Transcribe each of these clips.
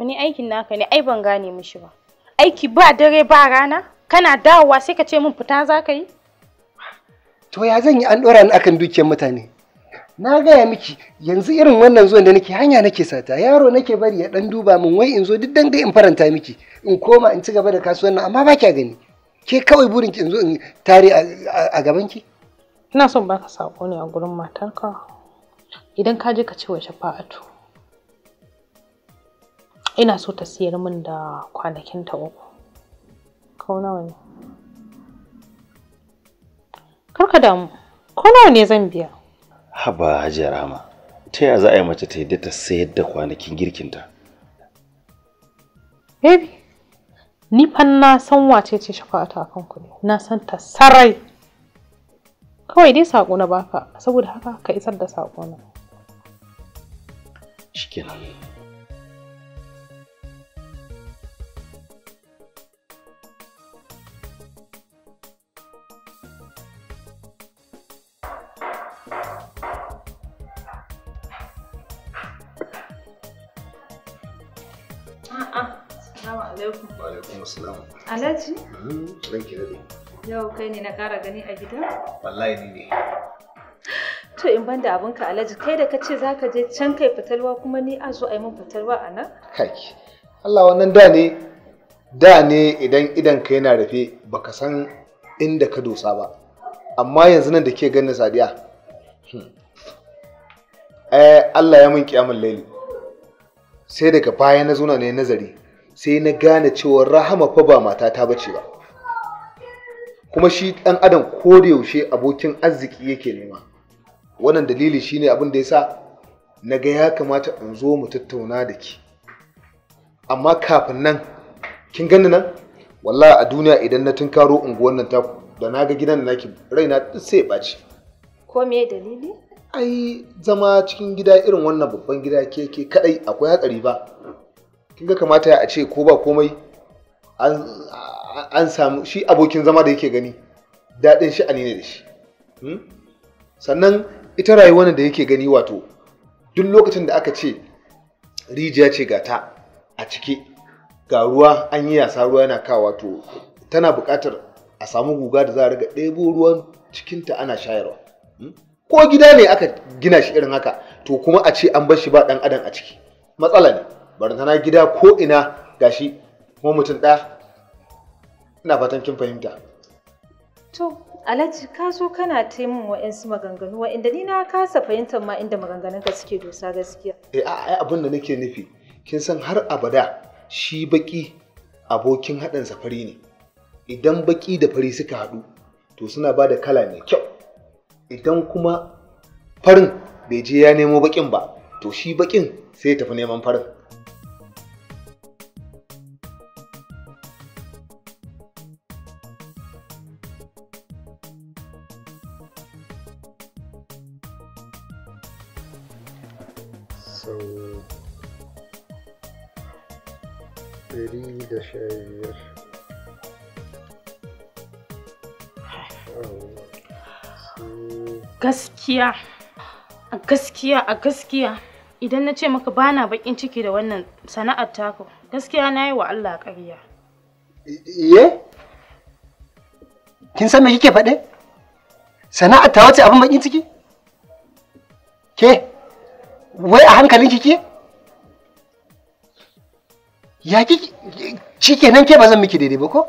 To ni aikin naka ne ai ban gane mishi ba. Aiki ba dare ba rana? Kana dawowa sai ka ce min fita za ka yi? To ya zan yi an dora ni akan dukiyar mutane? Na gaya miki yanzu irin wannan zuwan da nake hanya nake sata yaro nake bari ya dan duba min wai in zo duk dan in faranta miki in koma in ci gaba da kasuwannin amma ba kya gani. Ke kawai burin ki in zo in tare a gaban ki? Ina son baka sako ne a gurin matarka. Idan ka je ka ce wa shafa'atu ina so ta siyar min da kwanakin ta uku ko nawa ne karka damu ko nawa ne zan biya haba hajiya rahama ta yaya za a yi mace ta yadda ta sayar da kwanakin girkinta baby ni fa na san wace ce shafa a kanku ne na san ta sarai kawai dai sako na baka saboda haka ka isar da sako na shikenan kai ne na ƙara gani a gidan? Wallahi ni ne. To in banda da abinka alhaji kai da ka ce za ka je can kai fitarwa kuma ni a zo a yi min fitarwa a nan? Kai, Allah wannan da ne da ne idan idan ka yana rufe baka san inda ka dosa ba. Amma yanzu nan da ke ganin sadiya. Hmm. Eh Allah ya min kiyamun laili. Sai daga baya na zuna ne nazari sai na gane cewa rahama fa ba matata bace ba. kuma shi ɗan adam ko da yaushe abokin arziki yake nema wannan dalili shine abin da yasa na ga ya kamata in zo mu tattauna da ki amma kafin nan kin gani nan wallahi a duniya idan na tunkaro unguwar nan taku da na ga gidan naki raina duk sai ɓaci ko me dalili ai zama cikin gida irin wannan babban gida keke kadai akwai hatsari ba kin ga kamata a ce ko ba komai an samu shi abokin zama da yake gani daɗin shi ne da shi hmm? sannan ita rayuwar da yake gani wato duk lokacin da aka ce rijiya ce ga ta a cike ga ruwa an yi yasa ruwa yana kawo wato tana buƙatar a samu guga da za a riga ɗebo ruwan cikinta ana shayarwa hmm? ko gida ne aka gina shi irin haka to kuma a ce an bar ba ɗan adam a ciki matsala ne barantana gida ko ina gashi kuma mutum ɗaya ina fatan kin fahimta to alhaji ka zo kana ta min wa'yansu maganganu wa'inda ni na kasa fahimtar ma inda maganganun ka suke dosa gaskiya eh a abin da nake nufi kin san har abada shi baki abokin haɗin fari ne idan baki da fari suka haɗu to suna ba da kala mai kyau idan kuma farin bai je ya nemo bakin ba to shi bakin sai ya tafi neman farin gaskiya a gaskiya idan na ce maka bana bakin ciki da wannan sana'ar taku gaskiya na yi wa Allah ƙarya. Iye? Kin san me kike faɗe? Sana'ar ta wace abin bakin ciki? Ke, wai a hankalin kike? Ya kike, cike kenan ke ba zan miki daidai ba ko?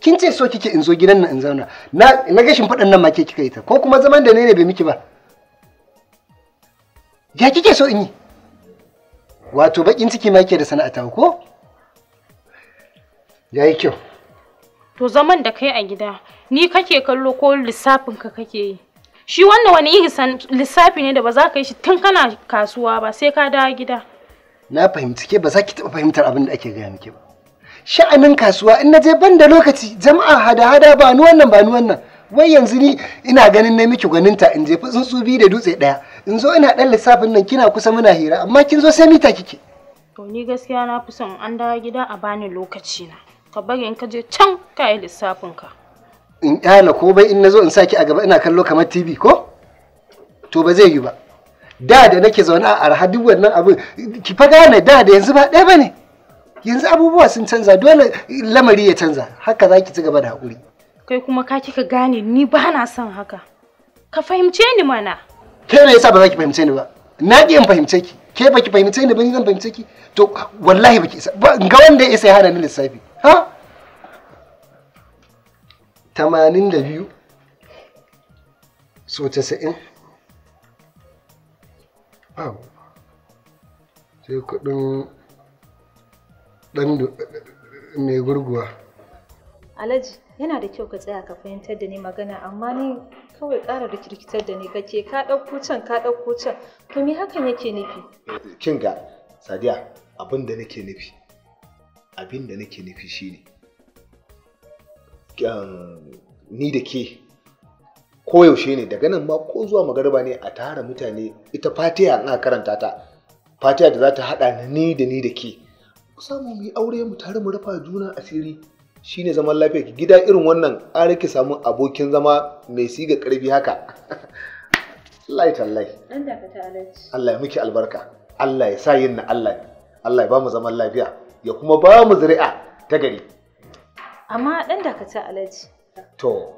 Kin ce so kike in zo gidan nan in zauna, na gashin faɗan nan ma ke kika yi ta, ko kuma zaman da ne ne bai miki ba. ya kike so in yi wato bakin ciki ma yake da sana'ata ko ya yi kyau to zaman da kai a gida ni kake kallo ko lissafin ka kake yi shi wannan wani yi lissafi ne da ba za ka yi shi tun kana kasuwa ba sai ka dawo gida na fahimci ke ba za ki taɓa fahimtar abin da ake gaya miki ba sha'anin kasuwa in na je ban da lokaci jama'a hada-hada ba ni wannan ba ni wannan wai yanzu ni ina ganin na miki gwaninta in je tsuntsu biyu da dutse ɗaya in zo ina dan lissafin nan kina kusa muna hira amma kin zo sai mita kike to ni gaskiya na fi son an dawo gida a bani lokaci na ka bari in ka je can ka yi lissafin ka in kyala ko bai in nazo in saki a gaba ina kallo kamar TV ko to ba zai yi ba da da nake zaune a arha duk wannan abin ki fa gane da da yanzu ba ɗaya bane yanzu abubuwa sun canza dole lamari ya canza haka zaki ci gaba da hakuri kai kuma ka kika gane ni ba na son haka ka fahimce ni mana ke me yasa ba za ki fahimce ni ba na ki in fahimce ki ke ki fahimce ni ba ni zan fahimce ki to wallahi ki isa ba ga wanda ya isa ya hana ni lissafi ha biyu so 90 wow sai kudin dan mai gurguwa alhaji yana da kyau ka tsaya ka fahimtar da ni magana amma ni kawai ƙara rikirkitar da ni kake ka ɗauko can ka ɗauko can to me hakan yake nufi kin ga sadiya abin da nake nufi abin da nake nufi shine um, ni da ke koyaushe ne daga nan ma ko zuwa magariba ne a tara mutane ita fatiya ina karanta ta fatiya da za ta haɗa ni da ni da ke samu mu yi aure mu tare mu rafa juna asiri Shi ne zaman lafiya ki gida irin wannan an ki samu abokin zama mai siga karfi haka Allah ya Allah ya miki albarka Allah ya sa yin na Allah Allah ya ba mu zaman lafiya ya kuma ba mu zuri'a ta gari amma dan dakata alaji to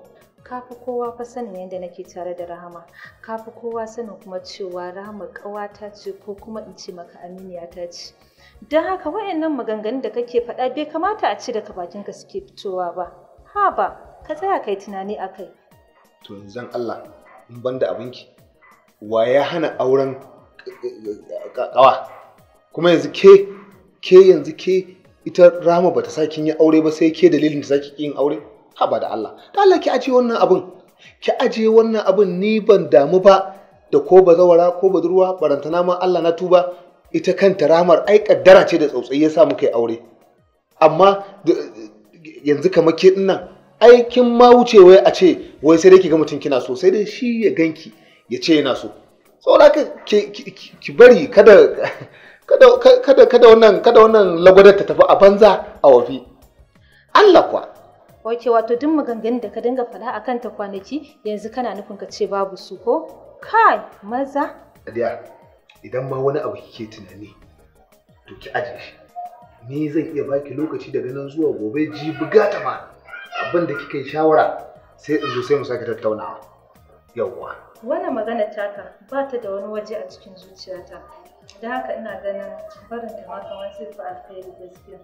ka kowa fa sanin yadda nake tare da rahama kafi kowa sanin kuma cewa rahama ƙawata ce ko kuma in ce maka aminiya ta ce don haka wayannan maganganun da kake faɗa bai kamata a ci daga bakinka suke fitowa ba ha ba ka tsaya kai tunani a kai to zan Allah in ban da abinki wa ya hana auren ƙawa kuma yanzu ke ke yanzu ke ita rama bata sa kin yi aure ba sai ke dalilin da sake yin aure haba da Allah da Allah ki ajiye wannan abun ki ajiye wannan abun ni ban damu ba da ko bazawara ko budurwa barantana ma Allah na tuba ita kanta ramar ai kaddara ce da tsautsayi yasa muka yi aure amma yanzu kamar ke dinnan ai kin ma wuce wai a ce wai sai dai ki ga mutum kina so sai dai shi ya ganki ya ce yana so saboda ki bari kada kada kada wannan kada wannan lagwadar ta tafi a banza a wafi Allah kuwa ok wato duk maganganun da ka dinga faɗa a ta kwanaki yanzu kana nufin ka ce babu su ko kai maza Adiya, idan ma wani abu kike tunani to ki aje shi ni zan iya baki lokaci daga nan zuwa gobe ji bugata ma abin da kika yi shawara sai in zo sai mu sake tattaunawa yawwa wannan magana taka ba ta da wani waje a cikin zuciyata da haka ina ganin barin ta ma kamar sai fa alheri gaskiya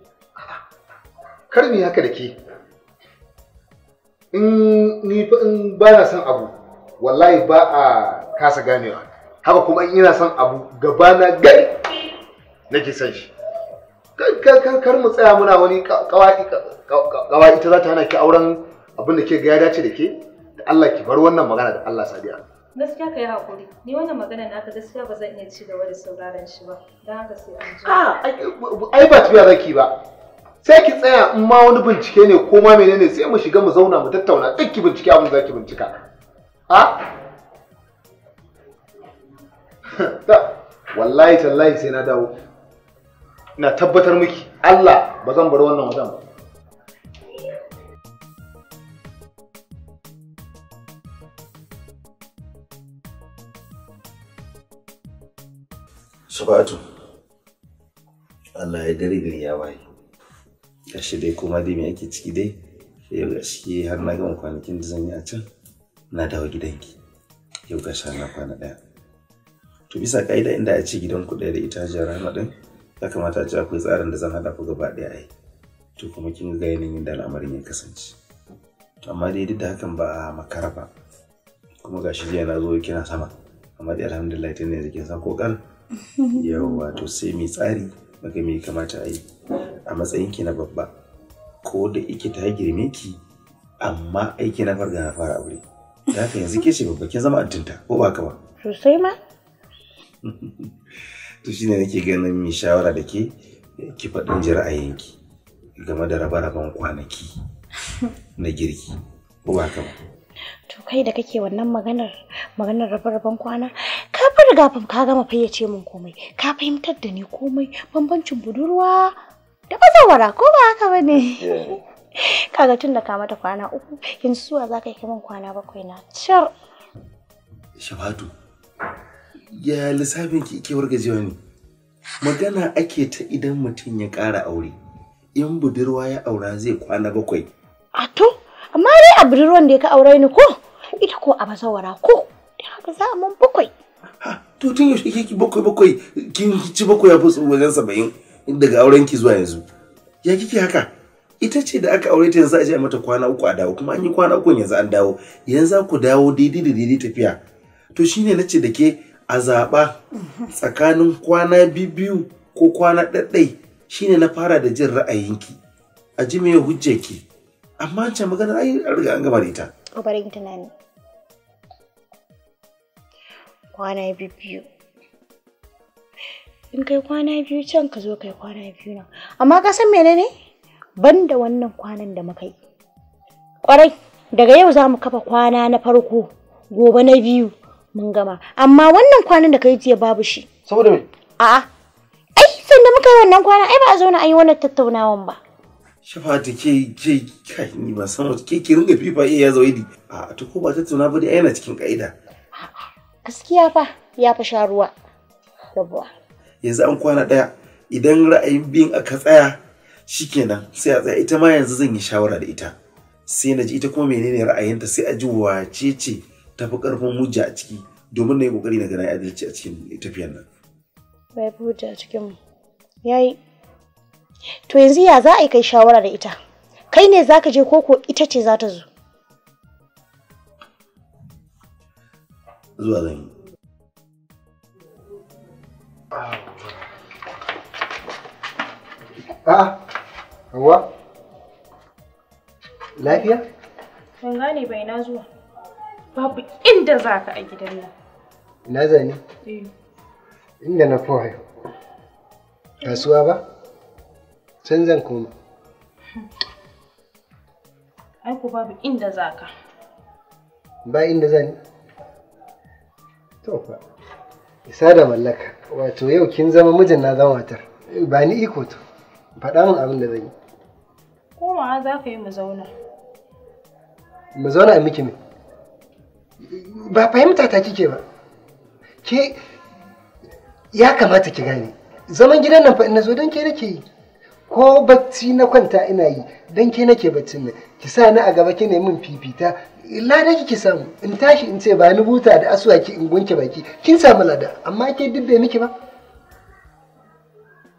kar ni haka da ke in ni fa in ba na son abu wallahi ba a kasa ganewa haka kuma in ina son abu gaba na gari nake son shi kar mu tsaya muna wani kawai ita za ta hana ki auren abin da ke ga ya dace da ke da Allah ki bar wannan magana da Allah sadiya gaskiya ka yi hakuri ni wannan magana naka gaskiya ba zan iya ci gaba da sauraron shi ba don haka sai an ji ai ba tafiya zaki ba sai ki tsaya in ma wani bincike ne ko ma menene sai mu shiga mu zauna mu tattauna duk ki bincike abin za ki bincika a wallahi tallahi sai na dawo na tabbatar miki Allah ba zan bar wannan wajen ba Shafa'atu Allah ya gari gari ya bai gashi dai kuma dai mai ake ciki dai yau har na gama kwanakin da zan yi a can na dawo gidanki yau gashi na kwana ɗaya to bisa ka'ida inda a ce gidan ku ɗaya da ita hajiyar rahama ɗin ya kamata a ce akwai tsarin da zan hada ku gaba ɗaya ai to kuma kin ga yanayin da al'amarin ya kasance amma dai duk da hakan ba a makara ba kuma gashi jiya na zo kina sama amma dai alhamdulillah tun yanzu kin san kokar yawa to sai mai tsari maka me kamata a yi a matsayin ki na babba ko da ike ta girme ki amma aiki na farga na fara aure da haka yanzu ke ce babba ke zama addinta ko ba ka ba sosai ma to shine nake ganin mai shawara da ke ki faɗin ji ra'ayinki game da raba-raban kwanaki na girki ko ba ka ba to kai da kake wannan maganar maganar raba-raban kwana ka fi riga ka gama fayyace min komai ka fahimtar da ni komai bambancin budurwa da wara ko ba haka ba ne kaga tun da ka mata kwana uku yanzu zuwa za ka yi kaman kwana bakwai na cir shabatu ya lissafin ki ke gajiya ne magana ake ta idan mutum ya ƙara aure in budurwa ya aura zai kwana bakwai a to amma dai a budurwan da ya ka aure ni ko ita ko a bazawara ko da haka za a mun bakwai to tun yaushe kike bakwai bakwai kin ci bakwai a fusu wajen saba'in daga aurenki zuwa yanzu ya kike haka ita ce da aka aure ta yanzu a je a mata kwana uku a dawo kuma an yi kwana uku yanzu an dawo yanzu ku dawo daidai da daidai tafiya to shine na ce da ke a zaɓa tsakanin kwana biyu ko kwana ɗaɗɗai shine na fara da jin ra'ayinki a ji me hujjarki amma can magana ai an riga an gama da ita. Ƙoƙarin tunani. Kwana biyu. in kai kwana biyu can ka zo kai kwana biyu nan amma ka san menene ban da wannan kwanan da muka yi kwarai daga yau za mu kafa kwana na farko gobe na biyu mun gama amma wannan kwanan da kai jiya babu shi saboda me a'a ai sanda muka yi wannan kwana ai ba a zauna an yi wannan tattaunawan ba Shafa da ke ke kai ni ba san ke ke ringa fifa iya ya zo a to ko ba tattauna ba dai yana cikin kaida gaskiya fa ya fa sha ruwa yanzu an kwana ɗaya idan ra'ayin biyun aka tsaya shikenan sai a tsaya ita ma yanzu zan yi shawara da ita sai na ji ita kuma menene ra'ayinta sai a ji wace ce tafi karfin hujja a ciki domin na yi kokari na gana adalci a cikin tafiyar nan. Bai fi a cikin yayi. To yanzu ya za a yi kai shawara da ita? Kai ne za ka je koko ita ce za ta zo? Zuwa zan yi. A'a, ah, Hauwa, lafiya? Ban gane bai na zuwa. Babu inda za ka a gidan nan. Ina zane? Eh. Inda na fi Kasuwa ba? Can zan koma. Ai ku babu inda za ka. Ba inda zan To fa. Isa da mallaka. Wato yau kin zama mijin na zama matar. Ba ni iko to. faɗa min abin da zan yi komawa za ka yi mu zauna mu zauna a miki ne ba fahimta ta kike ba ke ya kamata ki gane zaman gidan nan fa ina zo don ke nake yi ko bacci na kwanta ina yi don ke nake baccin nan ki sa ni a gaba ki ne min fifita lada kike samu in tashi in ce ba ni buta da asuwaki in gunke baki kin samu lada amma ke dubbe miki ba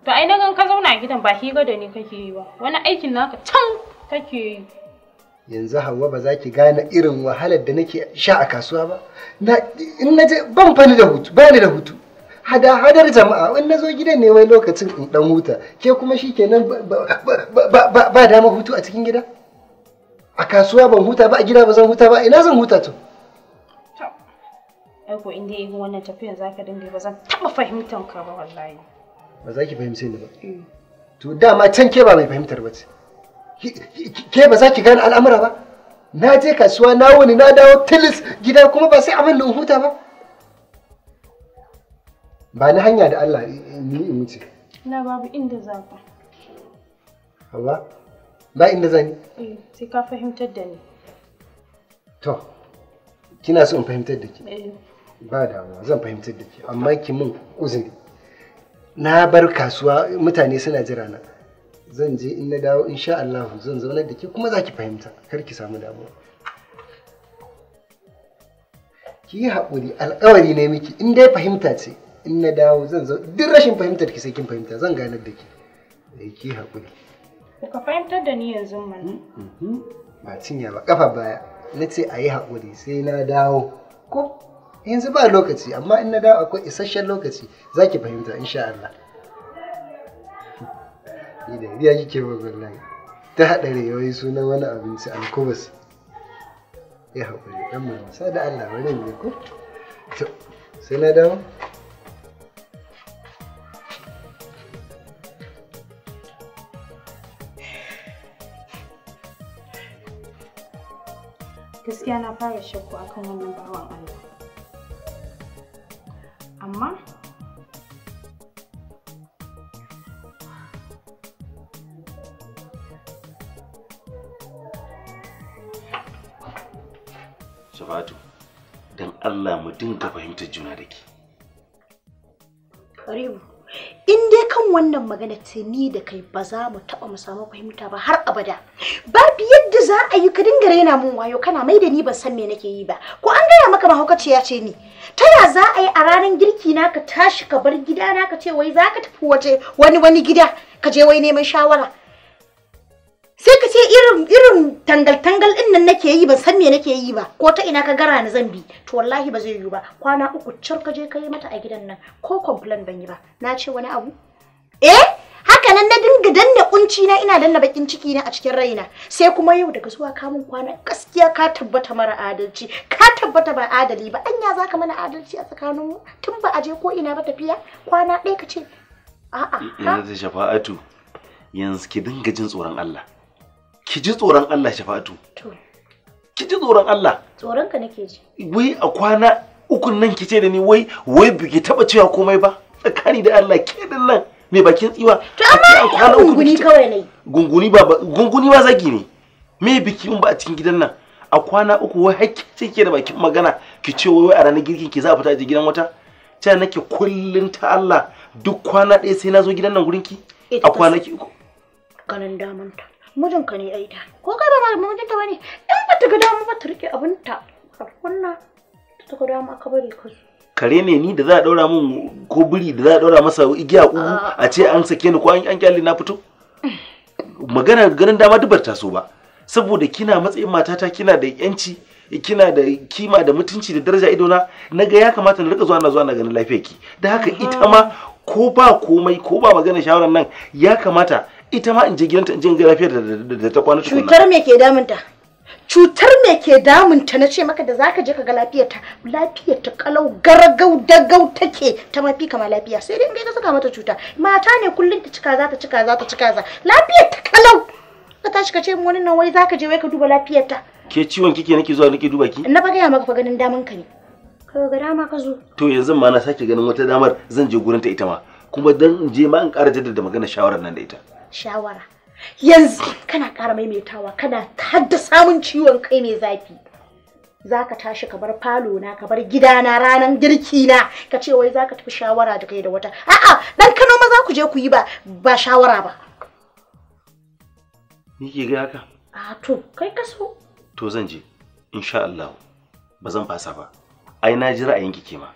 To ai na gan ka zauna a gidan ba hira da ni kake yi ba. Wani aikin naka can kake yi. Yanzu Hauwa ba za ki gane irin wahalar da nake sha a kasuwa ba. Na in na je ban fani da hutu, bani da hutu. Hada hadar jama'a in na zo gidan ne wai lokacin in dan huta. Ke kuma shikenan ba dama hutu a cikin gida. A kasuwa ban huta ba a gida ba zan huta ba ina zan huta to. Ai ko in dai irin wannan tafiyan zaka dinga ba zan taba fahimtan ka ba wallahi. ba za ki fahimce ni ba to dama can ke ba mai fahimtar ba ce ke ba za ki gane al'amura ba na je kasuwa na wuni na dawo tilis gida kuma ba sai abin da huta ba ba ni hanya da Allah ni in wuce na babu inda za ka hawa ba inda zan yi eh, sai ka fahimtar da ni to kina so in fahimtar da ki eh. ba damuwa zan fahimtar da ki amma ki mun uzuri na bar kasuwa mutane suna jira na zan je in na dawo insha Allah zan zauna da ke kuma za ki fahimta kar ki samu damuwa ki yi haƙuri alƙawari ne miki in dai fahimta ce in na dawo zan zo duk rashin fahimtar ki sai kin fahimta zan ganar da eh, ki da ki haƙuri ka fahimtar da ni yanzu mana mm, mm-hmm. ba cinya ba kafa baya na ce a yi haƙuri sai na dawo ko yanzu ba lokaci amma in na dawo akwai isasshen lokaci za ki fahimta insha Allah ni da ji ke ba ta haɗa rayuwar sunan wani abinci alkubus ya haƙuri ɗan mai sa da Allah wani ne ko to sai na dawo gaskiya na fara shakku akan wannan bawan Allah amma Shafatu, don Allah mu dinga fahimtar juna da ke. Karibu, in dai kan wannan magana ce ni da kai ba za mu taɓa mu samu fahimta ba har abada. Babu yadda za a yi ka dinga raina mun wayo kana mai da ni ban san me nake yi ba. Ko an haka ce ni ta ya za a yi a ranar girki na ka tashi ka bar gida na ka ce wai za ka tafi waje wani wani gida ka je wai neman shawara sai ka ce irin irin tangal tangal din nan nake yi ban san me nake yi ba ko ta ina ka gara ni zan bi to wallahi ba zai yiwu ba kwana uku cur ka je ka yi mata a gidan nan ko complain ban yi ba na ce wani abu eh haka nan na dinga danna kunci na ina danna bakin ciki na a cikin raina sai kuma yau daga zuwa kamun kwana gaskiya ka tabbata mara adalci tabbata ba adali ba anya zaka mana adalci a tsakanin mu tun ba a je ko ina ba tafiya kwana ɗaya ka ce a'a yanzu shafa'atu yanzu ki dinga jin tsoron Allah ki ji tsoron Allah shafa'atu ki ji tsoron Allah tsoron ka nake ji wai a kwana ukun nan ki ce da ni wai wai bige taba cewa komai ba tsakani da Allah ke din nan me bakin tsiwa to amma gunguni kawai ne gunguni ba gunguni ba zagi ne me biki mun ba a cikin gidan nan a kwana uku wai hakki take da bakin magana ki ce wai a ranar girkin ki za a fita ji gidan wata ta nake kullun ta Allah duk kwana ɗaya sai na zo gidan nan gurin ki eh, a kwana ki uku kanin daman ta mujin ka ne aida ko kai ba mujin ta bane in ba ta ga dama ba ta rike abin ta wannan ta ga dama aka bari ka kare ne ni da za a daura min ko biri da za a daura masa igiya ugu ah. a ce an sake ni ko an kyale na fito magana ganin dama dubar taso ba saboda kina matsayin matata kina da yanci kina da kima da mutunci da daraja idona naga ya kamata na rika zuwa na zuwa na ganin lafiyar ki da haka mhm. ita ma ko ba komai ko ba magana shawaran nan ya kamata ita ma in je gidanta in je ga lafiyar da ta kwana tukunna cutar me ke damunta cutar me ke damunta na ce maka da zaka je ka ga lafiyarta lafiyarta kalau garagau gau take ta mafi kama lafiya sai dai in ga saka mata cuta mata ne kullun ta cika za ta cika za ta cika za lafiyarta kalau ka tashi ka ce wani nan wai zaka je wai ka duba lafiyar ta ke ciwon kike nake zuwa nake duba ki na ba gaya maka fa ganin daman ka ne ka ga dama ka zo to yanzu ma na sake ganin wata damar zan je gurin ta ita ma kuma dan in je ma in ƙara jaddada magana shawarar nan da ita shawara yanzu kana ƙara maimaitawa kana hadda samun ciwon kai mai zafi zaka tashi ka bar falo na ka bar gidana ranan girki na ka ce wai zaka tafi shawara da kai da wata a'a dan kano ma za ku je ku yi ba ba shawara ba Ni ke ga haka? A to, kai ka so. To zan je, insha Allah, ba zan fasa ba. Ai na ji ra'ayinki ke ma,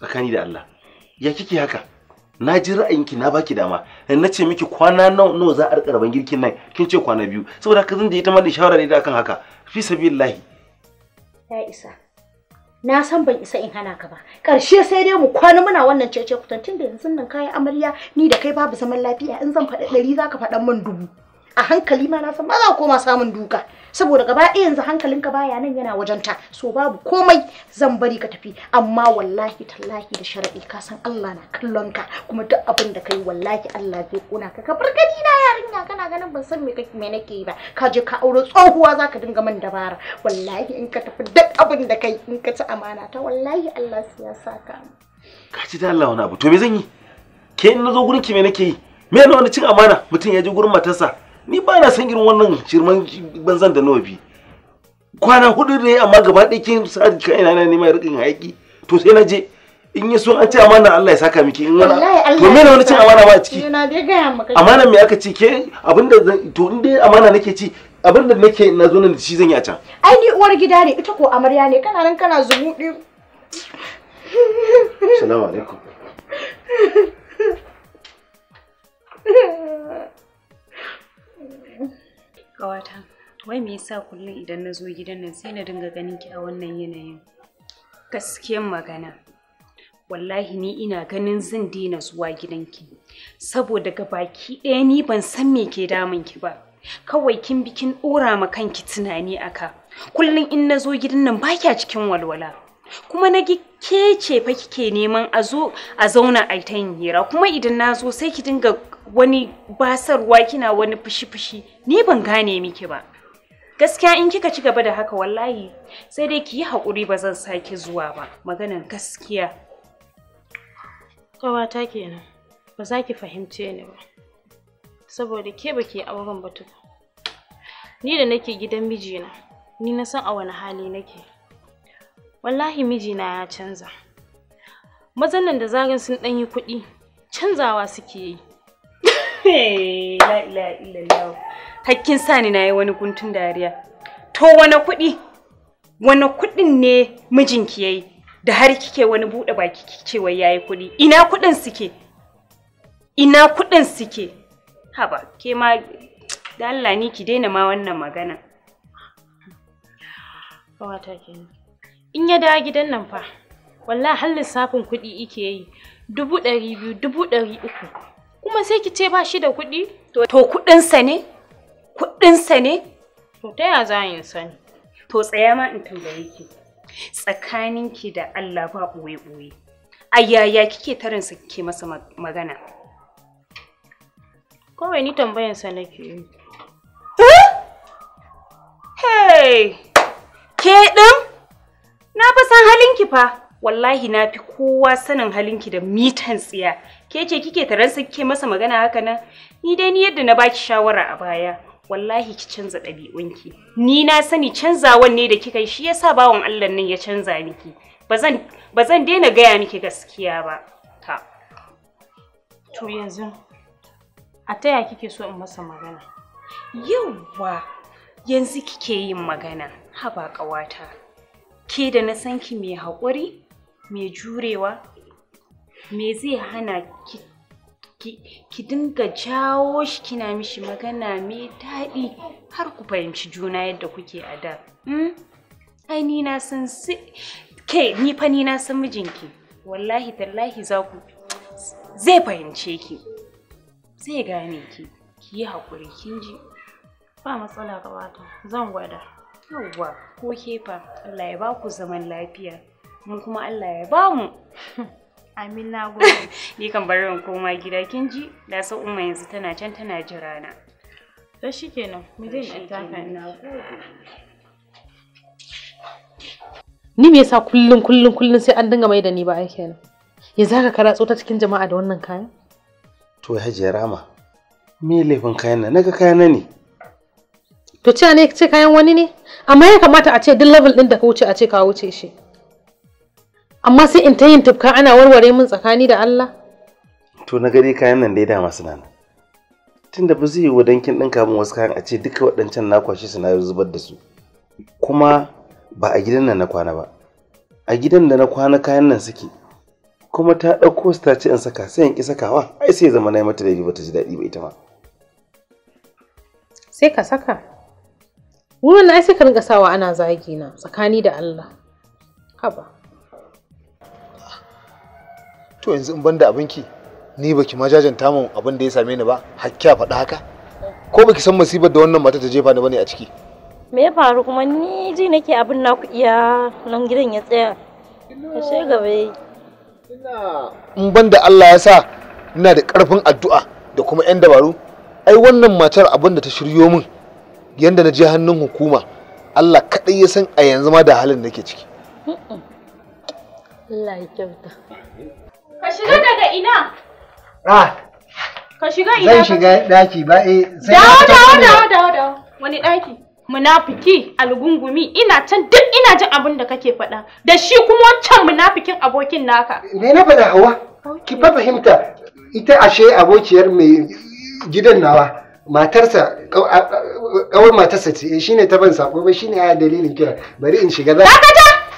tsakani da Allah. Ya kike haka? Na ji ra'ayinki na baki dama, na ce miki kwana nawa za a rika rabon girkin nan, kin ce kwana biyu. Saboda ka zan je ita ma da shawara ne da akan haka. Fi sabilillahi. Ya isa. na san ban isa in hana ka ba ƙarshe sai dai mu kwana muna wannan cece kutan tun da yanzu nan kaya amarya ni da kai babu zaman lafiya in zan faɗa ɗari za ka faɗa min dubu a hankali ma na san ba za ku koma samun duka saboda gaba ɗaya yanzu hankalinka baya nan yana wajen ta so babu komai zan bari ka tafi amma wallahi tallahi da shara'i ka san Allah na kallon ka kuma duk abin da kai wallahi Allah zai kona ka ka fargani na yarinya kana ganin ban san me kake me nake ba ka je ka aure tsohuwa zaka dinga man dabara wallahi in ka tafi duk abin da kai in ka ci amana ta wallahi Allah sai ya saka ka ci ta Allah wani abu to me zan yi ke in nazo gurin ki me nake yi me ne wani cin amana mutum ya je gurin matarsa ni ba na san irin wannan shirman banzan da nawa bi kwana hudu ne amma gaba ɗaya kin sa kaina na neman rikin haƙi to sai na je in yi so an ce amana Allah ya saka miki in wani to me wani cin amana ba a ciki eh, amana me aka ci ke abinda to in dai amana nake ci abinda nake na zo nan da shi zan yi a can ai ni uwar gida ne ita ko amarya ne kana nan kana zubuɗi assalamu alaikum Ƙawata, wai me yasa kullum idan na zo gidan nan sai na dinga ganin ki a wannan yanayin? Gaskiyan magana, wallahi ni ina ganin zan daina zuwa gidanki, saboda ga baki ɗaya ni ban san me ke damun ki ba. Kawai kin bi kin ɗora ma kanki tunani aka. Kullum in na zo gidan nan ba kya cikin walwala. kuma na ke ce fa kike neman a zo a zauna a ta yin hira kuma idan na zo sai ki dinga wani basarwa kina wani fushi-fushi ni ban gane miki ba gaskiya in kika ci gaba da haka wallahi sai dai ki yi haƙuri ba zan sake zuwa ba maganar gaskiya Kawata kenan ba za ki fahimce ni ba saboda ke ba ke auren batu ni da nake gidan mijina ni na san a wani hali nake wallahi mijina ya canza mazan nan da zagin sun ɗan yi kuɗi canzawa suke yi la hakkin sani na yi wani guntun dariya to wani kuɗi wani kuɗin ne mijinki yayi da har kike wani buɗe baki kike wai yayi kuɗi ina kuɗin suke ina kuɗin suke haba ke ma da Allah ni ki daina ma wannan magana kawata kenan in ya dawo gidan nan fa wallahi har lissafin kuɗi ike yi dubu ɗari biyu dubu ɗari uku kuma sai ki ce ba shi da kuɗi to kuɗinsa ne kuɗinsa ne to ta ya za in sani to tsaya ma in tambaye ki tsakaninki da Allah ba ɓoye ɓoye a yaya kike sa kike masa magana kawai ni sa nake yi eh? hey ke ɗin na fa san halinki fa wallahi na fi kowa sanin halinki da mitan tsiya ke ce kike taron kike masa magana haka nan ni dai ni yadda na baki shawara a baya wallahi ki canza ɗabi'unki ni na sani canzawan ne da kika yi shi yasa bawan Allah nan ya canza miki bazan bazan daina gaya miki gaskiya ba ta to yanzu a taya kike so in masa magana yawwa yanzu kike yin magana haba ƙawata ke da na sanki mai haƙuri mai jurewa me zai hana ki ki dinga jawo shi kina mishi magana mai daɗi har ku fahimci juna yadda kuke a da hmm? ai ni na san ke ni fa ni na san mijinki wallahi tallahi za ku zai fahimce ki zai gane ki ki yi haƙuri kin ji ba matsala gabata zan gwada yauwa ko kefa Allah ya ba ku zaman lafiya mu kuma Allah ya ba mu Amin na gode. Ni kan bar in koma gida kin ji? Da sa umma yanzu tana can tana jira na. Da shikenan, mu je in taka na Ni me yasa kullun kullun kullun sai an dinga mai da ni ba ai kenan. Ya zaka karatso ta cikin jama'a da wannan kayan? To Hajiya Rama, me laifin kayan nan? Naga kayan nan ne. To ce ne ce kayan wani ne? Amma ya kamata a ce duk level din da ka wuce a ce ka wuce shi. amma sai in ta yin tufka ana warware min tsakani da Allah to na gari kayan nan dai dama suna nan tunda ba zai yi dankin ɗinka min wasu kayan a ce duka waɗancan na kwashe su na zubar da su kuma ba a gidan nan na kwana ba a gidan da na kwana kayan nan suke kuma ta ɗauko su ta ce in saka sai in ki sakawa ai sai zama na yi mata laifi bata ji daɗi ba ita ma sai ka saka Wurin na ai sai ka rinka sawa ana zagi na tsakani da Allah haba to yanzu in banda abinki ni baki ma jajanta min abin da ya same ni ba hakkiya faɗa haka ko baki san musibar da wannan mata ta jefa ni bane a ciki me ya faru kuma ni ji nake abin na ku iya nan gidan ya tsaya ka she in ban da Allah ya sa ina da karfin addu'a da kuma yan dabaru ai wannan matar abin da ta shiryo min yanda na je hannun hukuma Allah kaɗai ya san a yanzu ma da halin da nake ciki Allah ya kyauta Ka shiga daga ina? Ah. Ka shiga ina? Zan shiga daki ba eh Dawo dawo dawo dawo dawo. Wani daki? Munafiki algungumi ina can duk ina jin abin da kake faɗa da shi kuma wancan munafikin abokin naka. Me na faɗa hawa? Ki fa fahimta ita ashe abokiyar mai gidan nawa matarsa kawai matarsa ce eh, shine ta ban sako ba shine a dalilin kira bari in shiga za. ta